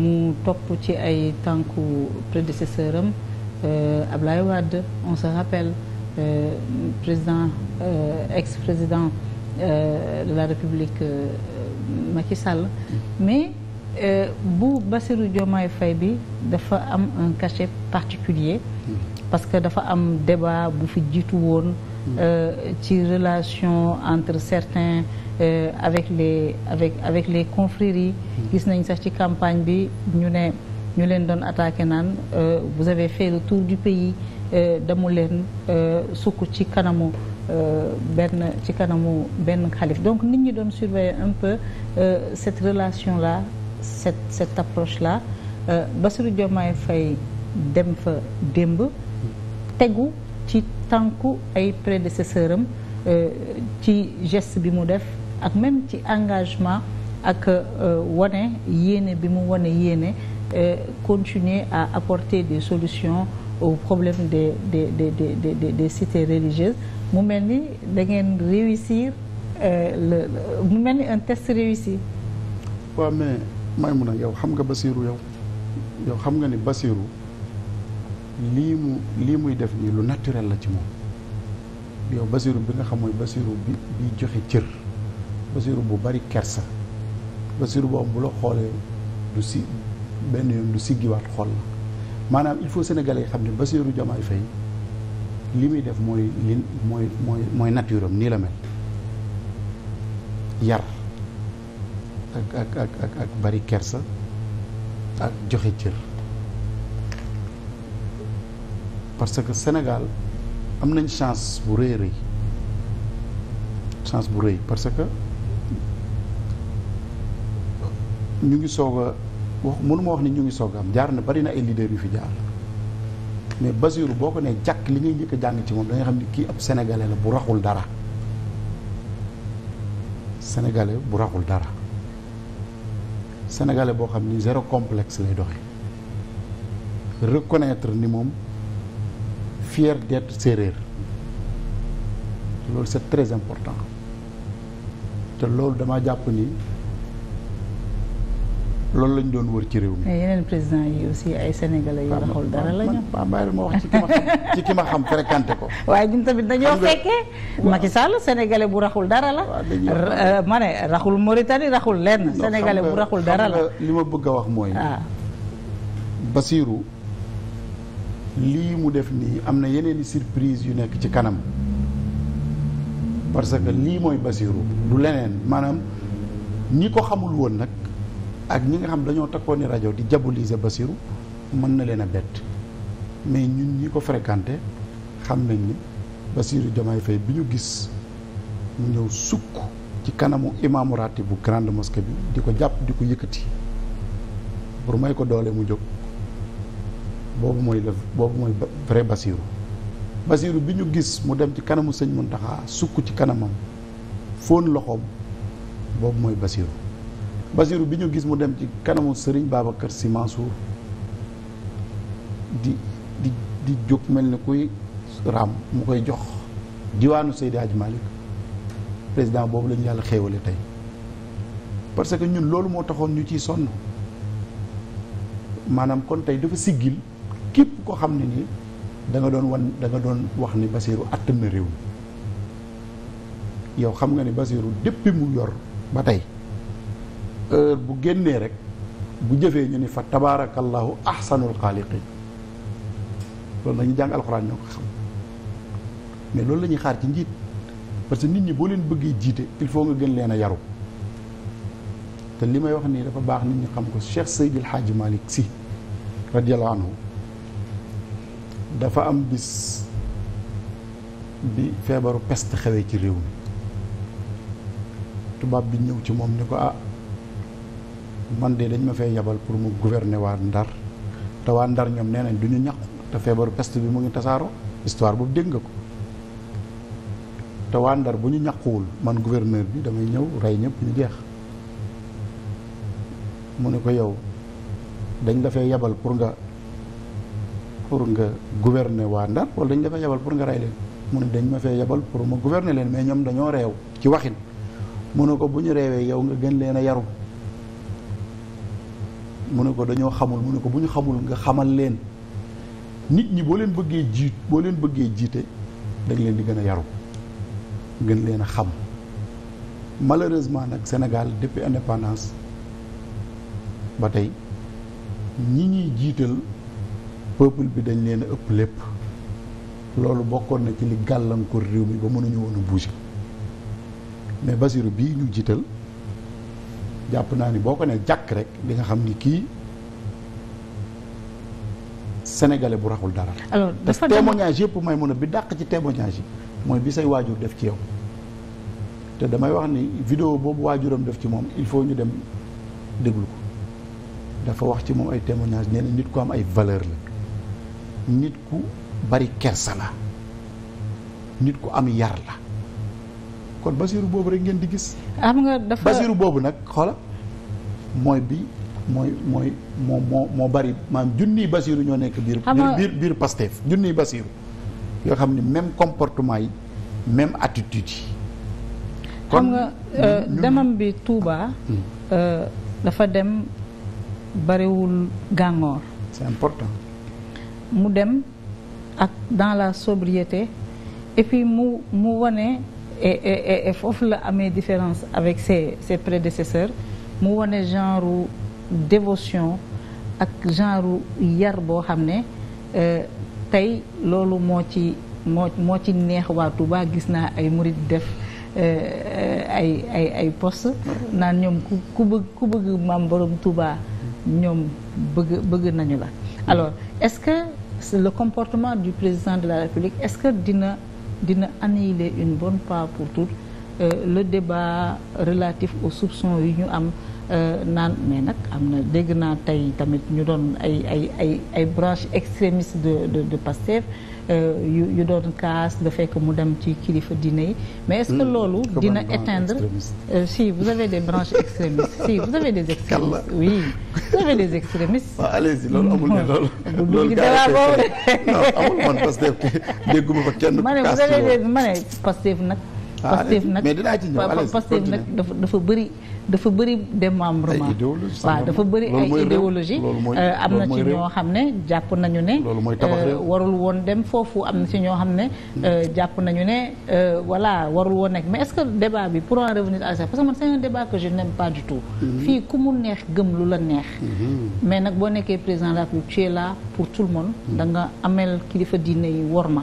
mu topp ci ay tànku prédécesseur am euh, Ablaye Wade on se rappelle euh, président euh, ex président de la République Macky Sall mais bu Bassirou Diomaye Faye bi dafa am un cachet particulier parce que dafa am débat bu fi jiitu woon Euh, ci relation entre certains euh, avec les avec avec les confréries yi gis nañ sax ci campagne bi ñu ne ñu leen doon attaqué naan euh, vous avez fait le tour du pays euh, damu leen sukk ci kanamu benn ci kanamu benn xalif donc nit ñi doon surveiller un peu euh, cette relation là cette cette approche ba Bassirou Diomaye Faye dem fa démb tegu ci tànku ay prédécesseur am euh, ci geste bi mu def ak même ci engagement ak euh, wane yéene bi mu wane yéene euh, continuer à apporter des solutions au problème des des des de de des cités religieuses mu mel ni da ngeen réussir le mu mel ni un test réussi. waaw mais Maïmouna yow xam nga Basirou yow yow xam nga ni Basirou. lii mu lii muy def nii lu naturel la ci moom yow basiru bi nga xam mooy basiru bi bi joxe cër basiru bu bari kersa basiru boobu bu la xoolee du si benn yoon du siggiwaat xool la maanaam il faut sénégalais yi xam ne Bassirou Diomaye Faye li muy def mooy li mooy mooy mooy nii la mel yar ak ak ak ak ak bari kersa ak joxe cër parce que Sénégal am nañ chance bu rëy rëy chance bu rëy parce que ñu ngi soog a wax mënuma wax ni ñu ngi soog a am jaar na bari na ay leaders yu fi jaar mais Bassirou boo ko nee jàkk li ngay njëkk a jàng ci moom da xam ni kii ab sénégalais la bu raxul dara sénégalais bu raxul dara sénégalais boo xam ni zéro complexe lay doxe reconnaître ni moom fier d'être séeréer loolu c'est très important te loolu dama jàpp ni loolu lañ doon wër ci réew mi. yeneen président yi aussi ay sénégalais yoo xamul dara la ñu. waaw ma ki ma xam ko. waaye ñun tamit dañoo fekkee. Macky Sall sénégalais bu raxul dara la. Euh, ma ne raxul Mauritanie raxul lenn. sénégalais bu raxul dara la li ma bëgg a wax mooy. Ah. Basirou. lii mu def nii am na yeneen i surprise yu nekk ci kanam parce que lii mooy Basiru du leneen maanaam ñi ko xamul woon nag ak ñi nga xam dañoo takkoon ni rajo di diaboliser Basiru mën na leen a bett mais ñun ñi ko fréquenté xam nañ ni Basiru Diomaye fay bi ñu gis mu ñëw sukk ci kanamu imaamu ratib bu grande mosquée bi di ko jàpp di ko yëkkati pour may ko doole mu jóg boobu mooy la boobu mooy vrai Basiru Basiru bi ñu gis mu dem ci kanamu sëñ Muntaxa sukk ci kanamam fóon loxoom boobu mooy Basiru Basiru bi ñu gis mu dem ci kanamu sëriñ kër Si Mansour di di di jóg mel ni kuy raam mu koy jox diwaanu Seydi Hadji Malick président boobu la yàlla xéewale tey parce que ñun loolu moo taxoon ñu ciy sonn maanaam kon tey dafa siggil képp koo xam ne nii danga doon wan da doon wax ni Basirou attan na réew mi yow xam nga ni Basirou depuis mu yor ba tey heure bu génnee rek bu jëfee ñu ni fa tabaarakallahu ahsanul xaaliqin loolu dañuy jàng alxuraan ñoo ko xam mais loolu la ñuy xaar ci njiit parce que nit ñi boo leen bëggee jiite il faut nga gën leen a yaru te li may wax nii dafa baax nit ñi xam ko Cheikh Seydil Hadji malik si radiyallahu anhu dafa am bis bi feebaru pest xewee ci réew mi tubaab bi ñëw ci moom ni ko ah man de dañ ma fee yabal pour mu gouverner waa Ndar te waa Ndar ñoom nee nañ du ñu ñax te feebaru peste bi mu ngi tasaaroo histoire boobu dégg nga ko te waa Ndar bu ñu ñàkkuwul man gouverneur bi damay ñëw rey ñëpp ñu jeex mu ne ko yow dañ la fay yabal pour nga pour nga gouverner waa Ndar wala dañ la fa yebal pour nga rey leen mu ne dañ ma fee yebal pour ma gouverner leen mais ñoom dañoo réew ci waxin mu ne ko bu ñu reewee yow nga gën leen a yaru mu ne ko dañoo xamul mu ne ko bu ñu xamul nga xamal leen nit ñi boo leen bëggee jiit boo leen bëggee jiite dañ leen di gën a yaru gën leen a xam malheureusement nag Sénégal depuis indépendance ba tey ñi ñuy jiital peuple bi dañ leen a ëpp lépp loolu bokkoon na ci li gàllankoor réew mi ba mënuñu woon woonu bouger mais Basiru bii ñu jiital jàpp naa ni boo ko ne jàkk rek di nga xam ni kii sénégalais bu raxul dara. alors dafa témoignage yëpp may mun a bi dàq ci témoignage yi mooy bi say waajur def ci yow te damay wax ni vidéo boobu waajuram def ci moom il faut ñu dem déglu ko dafa wax ci moom ay témoignage nee na nit ku am ay valeur la. nit ku bari kersa la nit ku am yar la kon basiiru boobu rek ngeen di gis. xam nga dafa basiiru boobu nag xoola mooy bi mooy mooy moo moo moo bari maam junniy basiiru ñoo nekk biir. biir biir Pastef junniy basiiru yoo xam ne même comportement yi même attitude yi. xam nga euh, demam bi Touba. Hmm. Euh, dafa dem bariwul gàngoor. c'est important. mu dem ak dans la sobriété et mu mu wane foofu la amee différence avec ses ses prédécesseurs mu wane genre dévotion ak genre yar boo xam ne euh, tey loolu moo ci moo moo ci neex waa Touba gis naa ay murit def euh, ay ay ay poste naan ñoom ku bëgg maam borom Touba ñoom bëgg bëgg nañu la alors est-ce que c'est le comportement du président de la République est-ce que dina dina annihiler une bonne part pour toutes euh, le débat relatif aux soupçons yu ñu am euh, naan mais nag am na dégg naa tey tamit ñu doon ay ay ay ay branches extrémistes de de de Pastef Euh, yu yu doon kaas nga fekk mu dem ci kilifa diine yi mais est-ce que hmm. loolu dina éteindre euh, si vous avez des branches extrémistes si vous avez des extrémistes wi vous avez des extrémistes waaw allez-y loolu amul ne loolu loolu débat ah boobu amul man Pastef dégguma fa kenn ma ne vous avez des ma ne Pastef nag Pastef nag mais dinaa ci ñëw Pastef nag dafa dafa bëri dafa bëri démembrement waaw dafa bëri ay idéologie euh, am na ci ñoo xam ne jàpp nañu ne euh, warul woon dem foofu am na ci ñoo xam ne euh, jàpp nañu ne voilà warul woon nekk mais est-ce que débat bi pour en revenir à ça que man c'est un débat que je n'aime pas du tout mm-hmm. fii ku mu neex gëm lu la neex mm-hmm. mais nag boo nekkee président de la pour tout le monde mm-hmm. da nga amel kilifa diine yi ma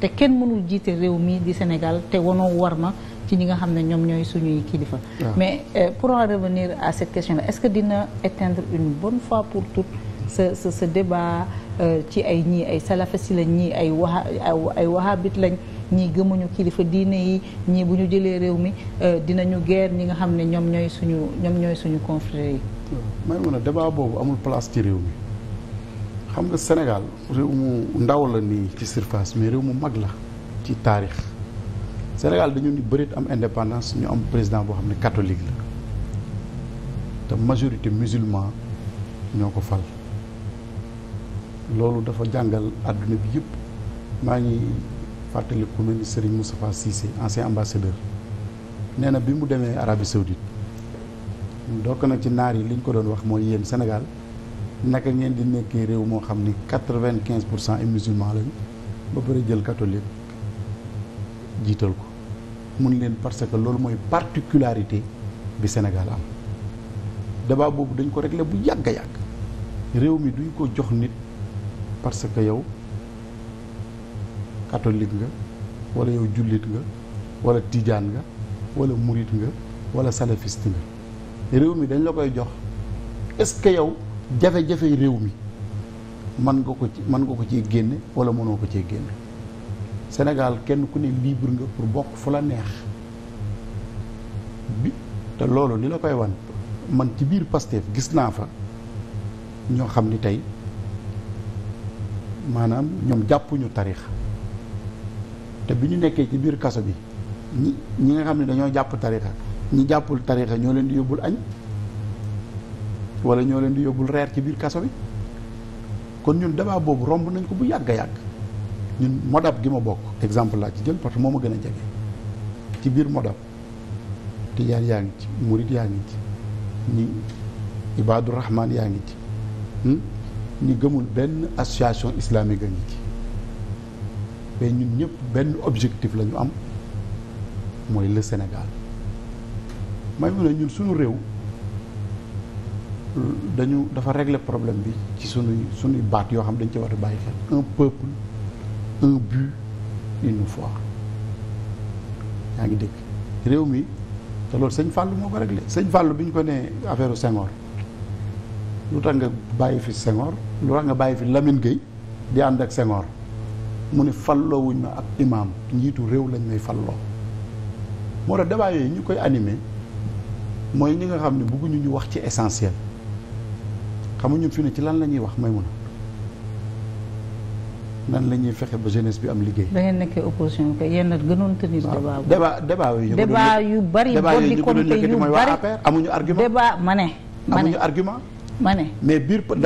te kenn mënul jiite réew mii di Sénégal te wanoo worma orma ci ñi nga xam ne ñoom ñooy suñuy kilifa. Ah. mais euh, pour en revenir à cette question là est-ce que dina éteindre une bon fois pour toutes ce sa ce débat euh, ci ay ñii ay salafis lañ ñii ay waha ay wahabit lañ. ñii gëmuñu kilifa diine yi ñii bu ñu jëlee réew mi euh, dinañu guerre ñi nga xam ne ñoom ñooy suñu ñoom ñooy suñu confrères yi. may mën a débat boobu amul place ci réew mi xam nga Sénégal réew mu ndaw la nii ci surface mais réew mu mag la ci taarix. Sénégal dañu ni bërit am indépendance ñu am président boo xam ne catholique la te majorité musulman ñoo ko fal loolu dafa jàngal àdduna bi yëpp maa ngi fàttaliku mel ni Serigne Moustapha Cissé ancien ambassadeur nee na bi mu demee Arabie Saoudite dokk na ci naar yi li ñu ko doon wax mooy yéen Sénégal naka ngeen di nekkee réew moo xam ni quatre-vingt-quinze pour cent ay musulman lañu ba bari jël katolik jiital ko mun leen parce que loolu mooy particularité bi Sénégal am débat boobu dañ ko régler bu yàgg a yàgg réew mi duñ ko jox nit parce que yow katolik nga wala yow jullit nga wala tijaan nga wala murit nga wala salafiste nga réew mi dañ la koy jox est-ce que yow jafe-jafe réew mi mën nga ko ci mën nga ko ciy génne wala mënoo ko cee génne Sénégal kenn ku ne libre nga pour bokk fu la neex bi te loolu li la koy wan man ci biir Pastef gis naa fa ñoo xam ni tey maanaam ñoom jàppuñu tarixa te bi ñu nekkee ci biir kaso bi ñi ñi nga xam ne dañoo jàpp tarixa ñi jàppul tarixa ñoo leen di yóbbul añ wala ñoo leen di yóbbul reer ci biir kaso bi kon ñun débat boobu romb nañ ko bu yàgg a yàgg ñun modab gi ma bokk exemple laa ci jël parce que moo ma gën a jege ci biir modab tijaan yaa ngi ci murit yaa ngi ci ñi ibaadu yaa ngi ci hmm? ñi gëmul benn association islamique a ngi ci mais ñun ñëpp benn objectif lañu am mooy le Sénégal may mu ne ñun suñu réew dañu dafa régler problème bi ci sunuy sunuy baat yoo xam dañ ci war a bàyyi xel un une fois yaa ngi dégg réew mi te loolu sëñ Fallou moo ko réglé sëñ Fallou bi ñu ko nee affaire Senghor lu tax nga bàyyi fi Senghor lu tax nga bàyyi fi Lamine Gueye di ànd ak Senghor mu ne falloo wuñ ma imaam njiitu réew lañ may falloo moo tax débat yooyu ñu koy animé mooy ñi nga xam ne bëgguñu ñu wax ci essentiel xamuñu fi ne ci lan la ñuy wax may mun a nan la ñuy fexe ba jeunesse bi am liggéey. da ngeen nekkee opposition kay yéen a gënoon tenir débat. débat débat yu ñu ko débat yu bari. yu bari amuñu argument débat ma ne. amuñu argument. ma ne mais biir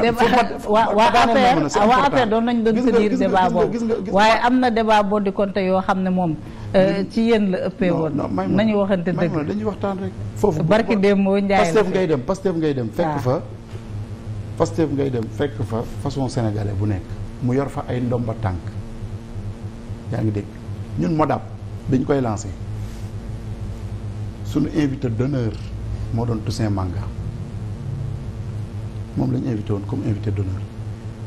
waa waa affaire waa affaire doon nañ doon tenir débat boobu waaye am na débat boo di compte yoo xam ne moom euh, ci yéen la ëppee woon nañu waxante dëgg dañuy waxtaan rek foofu barki démb njaay Pastef ngay dem Pastef ngay dem fekk ah. fa Pastef ngay dem fekk fa façon sénégalais bu nekk mu yor fa ay ndomba tànk yaa ngi dégg ñun modaab dañ koy lancé suñu invité d'honneur moo doon Toussaint Manga moom lañ invité woon comme invité d'honneur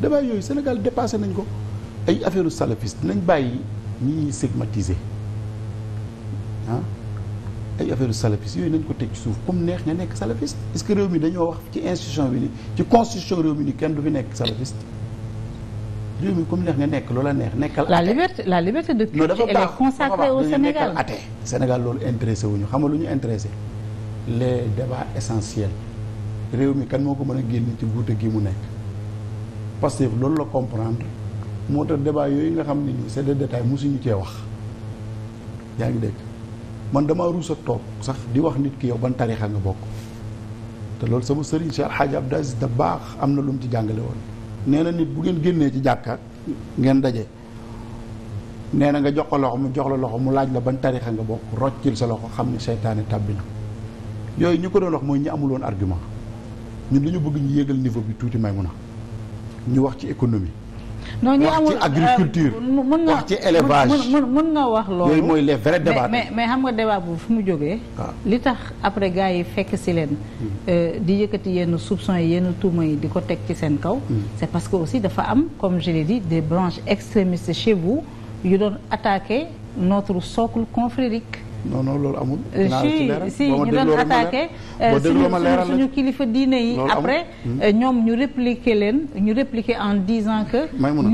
débat yooyu Sénégal dépassé nañ ko ay affaire salafiste dinañ bàyyi ñi stigmatiser ah ay affaire salafiste yooyu nañ ko teg ci suuf comme neex nga nekk salafiste est que réew mi dañoo wax ci institution bi ni ci constitution réew mi ni kenn du fi nekk salafiste réew mi comme neex nga nekk loola neex nekkal. la liberté la liberté de culte elle est consacrée au Sénégal athée loolu intéressé wuñu xam nga lu ñu intéressé les débats essentiels réew mi kan moo ko mën a génn ci guute gi mu nekk parce que loolu la comprendre moo tax debaa yooyu nga xam ne nii c'est des détails mosuñu cee wax yaa ngi dégg man damaa ruus a toog sax di wax nit ki yow ban tarixa nga bokk te loolu sama sëriñ Cheikh Hadj Abdou Aziz da baax am na lu mu ci jàngale woon nee na nit bu ngeen génnee ci jàkka ngeen daje nee na nga jox ko loxo mu jox la loxo mu laaj la ban tarixa nga bokk roccil sa loxo xam ne seytaane tàbbi na yooyu ñu ko doon wax mooy ñi amuloon argument ñun dañu bëgg ñu yéegal niveau bi tuuti may mun a ñu wax ci économie non ñi amul wax ci euh, agriculture. wax mën mën nga wax loolu. mooy les vrais mais mais xam nga débat bu fu mu jógee. Ah. li tax après gars yi fekk si leen. Hmm. Euh, di yëkkati yenn soupçons yi yenn tuuma yi di ko teg ci seen kaw. Hmm. c'est parce que aussi dafa am comme je l'ai dit des branches extrémistes chez vous yu doon attaquer notre socle confrérique. non non loolu amul. Euh, dinaa la ci leeral si ñu doon attaqué. Euh, suñu suñu kilifa diine yi après. Hmm. Euh, ñoom ñu répliquer leen ñu répliquer en disant que.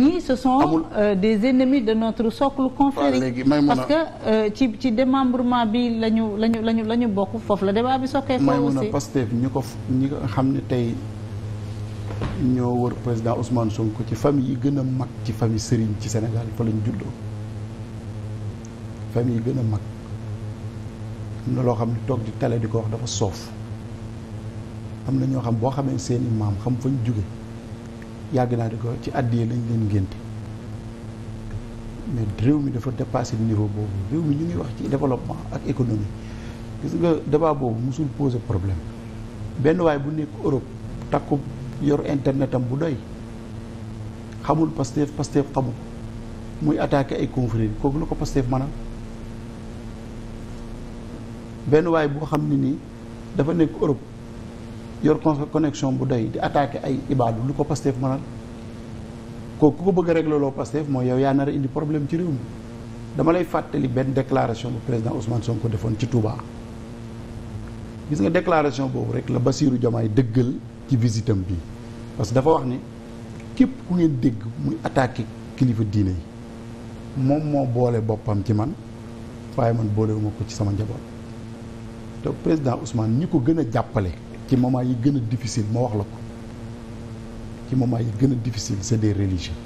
ñii ce sont des ennemis de notre socle confrérique. parce que ci ci démembrement bi la ñu la ñu la ñu bokk foofu la débat bi sokkee. foofu aussi Maimouna Pastef ñi ko ñi ko xam ne tey ñoo war président Ousmane Sonko ci famille yi gën a mag ci famille Serigne ci Sénégal fa lañ juddoo famille yi gën a mag. am na loo xam ne toog di tale di ko wax dafa soof am na ñoo xam boo xamee seeni maam xam fañ jóge yàgg naa di ko ci àddiyee lañ leen ngénte mais réew mi dafa dépassé niveau boobu réew mi ñu ngi wax ci développement ak économie gis nga débat boobu musul poser problème benn waay bu nekk Europe takku yor internetam bu doy xamul Pastef Pastef xamul muy attaqué ay confréries kooku lu ko Pastef maanaam benn waaye boo xam ne nii dafa nekk Europe yor connexion bu doy di attaqué ay ibaadu lu ko Pastef mënal kooku ku ko bëgg a réglé loo mooy yow yaa nar a indi problème ci réew mi dama lay fàttali benn déclaration bu président Ousmane ko defoon ci Touba. gis nga déclaration boobu rek la Bassirou Diomaye dëggal ci visitam bi parce que dafa wax ni képp ku ngeen dégg muy attaqué kilifa diine yi moom moo boole boppam ci man waaye man boolewuma ko ci sama njaboot. te président Ousmane ñi ko gën a jàppale ci moment yi gën a difficile ma wax la ko ci moment yi gën a difficile c'est des religieux